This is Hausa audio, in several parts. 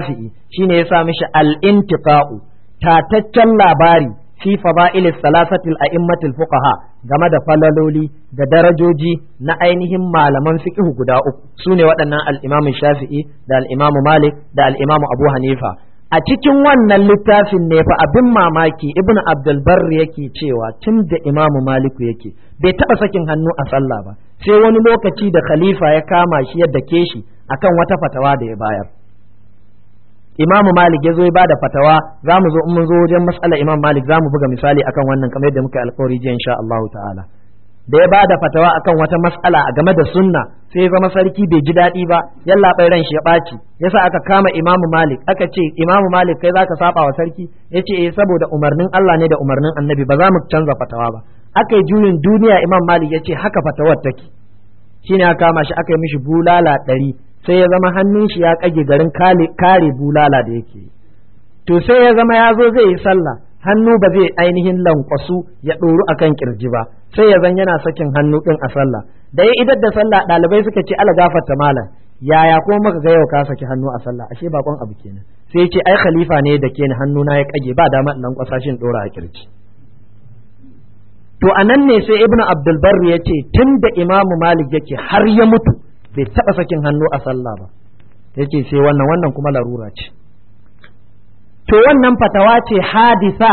shafi'i shine ya sa mishi al-intiqa'u tataccen labari fi fada'il salasati al-a'immatil fuqaha game da falaloli da darajoji na ainihin malaman fiqh guda uku sune waɗannan al-imamu shafi'i da al-imamu malik da al-imamu abu hanifa a cikin wannan littafin ne fa abin mamaki ibn abdul barri yake cewa tun da imamu maliku yake bai taɓa sakin hannu a sallah ba sai wani lokaci da khalifa ya kama shi yadda ke shi akan wata fatawa da ya bayar imamu malik ya zo ya bada fatawa za mu zo in mun zo wajen matsalar imam malik za mu buga misali akan wannan kamar yadda muka alkawari jiya insha Allah ta'ala da ya bada fatawa akan wata matsala a game da sunna sai ya zama sarki bai ji daɗi ba yalla bai ran shi ya ɓaci yasa aka kama imamu malik aka ce imamu malik kai zaka saba wa sarki yace eh saboda umarnin Allah ne da umarnin annabi ba za mu canza fatawa ba aka yi juyin duniya imam malik yace haka fatawar take shine aka kama shi aka yi mishi bulala ɗari sai ya zama hannun shi ya kage garin kare bulala da yake to sai ya zama ya zo zai yi sallah hannu ba zai ainihin lankwasu ya ɗoru kan kirji ba sai ya zan yana sakin hannu ɗin a sallah da ya idar da sallah ɗalibai suka ce ala gafarta malam yaya kuma muka ga yau ka saki hannu a sallah ashe bakon abu kenan sai ya ce ai khalifa ne da ke hannu na ya kage ba dama in lankwasa shi ɗora a kirji to anan ne sai ibnu abdul barri ya ce tun da imamu malik yake har ya mutu bai taɓa sakin hannu a sallah ba Yake sai wannan wannan kuma larura ce to wannan fatawa ce hadisa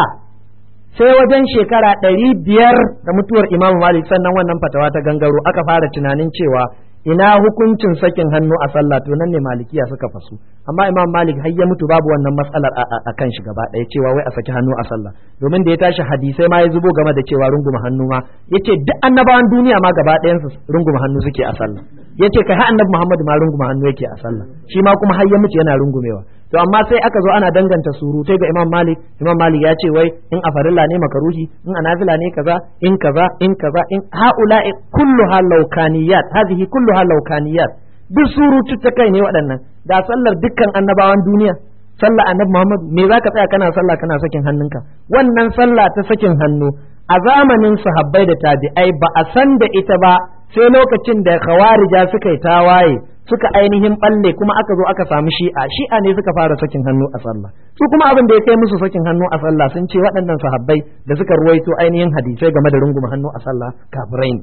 sai wajen shekara ɗari biyar da mutuwar imam malik sannan wannan fatawa ta gangaro aka fara tunanin cewa ina hukuncin sakin hannu a sallah to nan ne malikiya suka fasu amma imam malik har ya mutu babu wannan matsalar a kan shi gaba ɗaya cewa wai a saki hannu a sallah domin da ya tashi hadisai ma ya zubo game da cewa runguma hannu ma yace duk annabawan duniya ma gaba su runguma hannu suke a sallah yace kai ha annabi Muhammad ma runguma hannu yake a sallah shi ma kuma har ya mutu yana rungumewa to amma sai aka zo ana danganta surutai ga Imam Malik Imam Malik ya ce wai in a farilla ne makaruhi in a nafila ne kaza in kaza in kaza in haula'i kulluha laukaniyat hadhihi kulluha laukaniyat duk surutu ta kai ne waɗannan da sallar dukkan annabawan duniya sallah annabi Muhammad me zaka tsaya kana sallah kana sakin hannunka wannan sallah ta sakin hannu a zamanin sahabbai da tabi'ai ba a san da ita ba sai lokacin da khawarija suka yi tawaye suka ainihin balle kuma aka zo aka samu shi'a shi'a ne suka fara sakin hannu a sallah su kuma abin da ya kai musu sakin hannu a sallah sun ce waɗannan sahabbai da suka ruwaito ainihin hadisai game da runguma hannu a sallah kafirai ne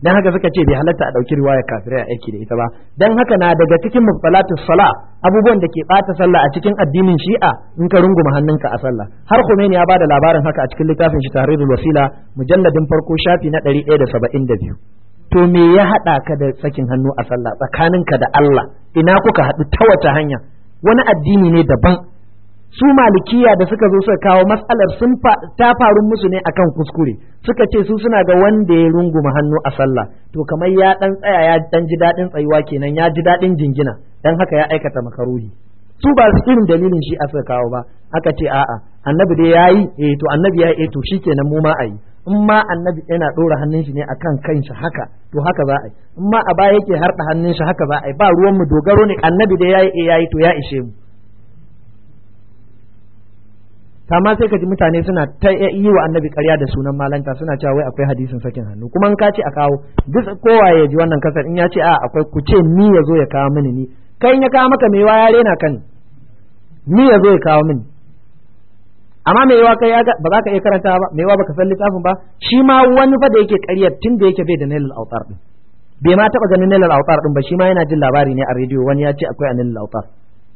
dan haka suka ce bai halatta a dauki riwaya kafirai a aiki da ita ba dan haka na daga cikin mufsalatu sala abubuwan da ke bata sallah a cikin addinin shi'a in ka runguma hannunka a sallah har Khomeini ya bada labarin haka a cikin littafin shi Tahrirul Wasila mujalladin farko shafi na 172 to me ya haɗa ka da sakin hannu a sallah tsakaninka da Allah ina kuka haɗu ta wata hanya wani addini ne daban su malikiya da suka zo suka kawo matsalar sun ta faru musu ne akan kuskure suka ce su suna ga wanda ya runguma hannu a sallah to kamar ya dan tsaya ya dan ji daɗin tsayuwa kenan ya ji daɗin jingina dan haka ya aikata makaruhi su ba su irin dalilin shi a suka kawo ba aka ce a'a annabi dai yayi eh to annabi ya eh to shikenan mu ma ayi in ma annabi yana ɗora hannun shi ne akan kanshi haka to haka za a yi in ma a baya yake harɗa hannun shi haka za a yi ba ruwan mu dogaro ne annabi da yayi eh yayi to ya ishe mu amma sai ka ji mutane suna ta yi wa annabi ƙarya da sunan malanta suna cewa wai akwai hadisin sakin hannu kuma in ka ce a kawo duk kowa ya ji wannan kasar in ya ce a akwai ku ce ni ya zo ya kawo mini ni kai ya kawo maka mewa ya rena kan ni ya ya kawo mini amma mai yawa kai ba za ka iya karanta ba mai yawa baka san littafin ba shi ma wani fa da yake ƙaryar tun da yake bai da nailal autar din bai ma taba ganin nailal autar din ba shi ma yana jin labari ne a rediyo wani ya ce akwai a nailal autar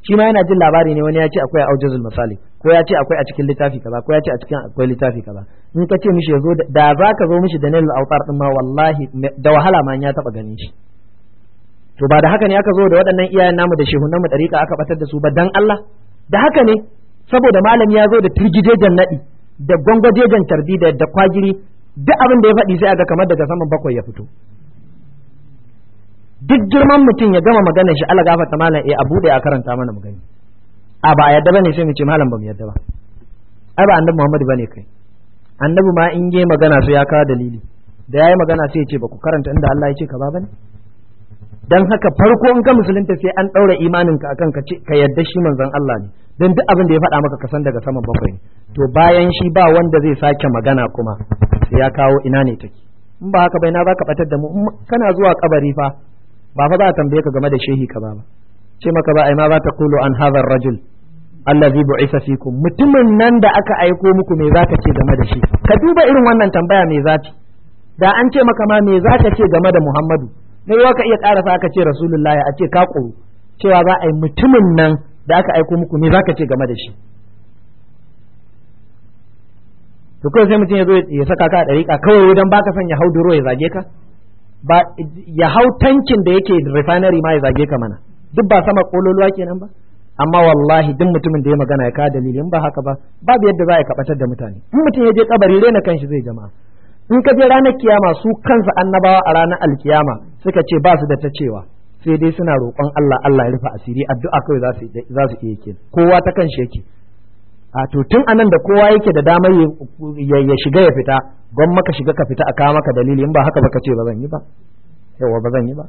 shi ma yana jin labari ne wani ya ce akwai a aujazul misali ko ya ce akwai a cikin littafi kaza ko ya ce a cikin akwai littafi kaza in ka ce mishi yazo da za ka zo mishi da nailal autar din ma wallahi da wahala ma ya taba ganin shi to ba da haka ne aka zo da waɗannan iyayen namu da shehunanmu ɗariƙa aka batar da su ba dan Allah da haka ne saboda malam ya zo da turgijejen naɗi da gwangwajejen tarbi da da kwagiri duk abin da ya faɗi sai aka kamar daga saman bakwai ya fito duk girman mutum ya gama maganar shi Allah gafarta malam eh a bude a karanta mana magani a ba yadda bane sai mu ce malam ba mu yadda ba ai ba annabi Muhammadu bane kai annabi ma in yi magana sai ya kawo dalili da yayi magana sai ya ce ba ku karanta inda Allah ya ce ka ba bane dan haka farko in ka musulunta sai an ɗaura imaninka akan ka ce ka yarda shi manzon Allah ne dan duk abin da ya faɗa maka kasan daga saman bakwai ne to bayan shi ba wanda zai sake magana kuma sai ya kawo ina ne take in ba haka bai na zaka batar da mu kana zuwa kabari fa ba fa za a tambaye ka game da shehi ka ba ba ce maka ba ai ma za ta kulu an hadha rajul allazi bu'isa fikum mutumin nan da aka aiko muku me zaka ce game da shi ka duba irin wannan tambaya me zaci? da an ce maka ma me zaka ce game da Muhammadu na yiwa ka iya ƙarasa aka ce rasulullahi a ce ka ƙuru cewa za a yi mutumin nan da aka aiko muku ne za ka ce game da shi to kawai sai mutum ya zo ya saka ka a ɗariƙa kawai wajen baka son ya hau duro ya zage ka ya hau tankin da yake refinery ma ya zage ka mana duk ba sama kololuwa kenan ba amma wallahi duk mutumin da ya magana ya ka dalili in ba haka ba babu yadda za a kabatar da mutane in mutum ya je kabari rena shi zai jama'a in ka je ranar kiyama su kansa annabawa a ranar alkiyama suka ce ba su da ta cewa sai dai suna roƙon Allah Allah ya rufe asiri addu'a kawai za su iya ke kowa ta kan shi yake a to tun anan da kowa yake da damar ya shiga ya fita gwan maka shiga ka fita a kawo maka dalili in ba haka ba ka ce ba zan yi ba yawa ba zan yi ba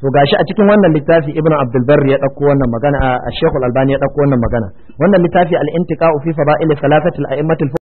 to gashi a cikin wannan littafi ibnu abdul barr ya dauko wannan magana a shekul albani ya dauko wannan magana wannan littafi al-intiqa'u fi fada'il salasatil a'immatil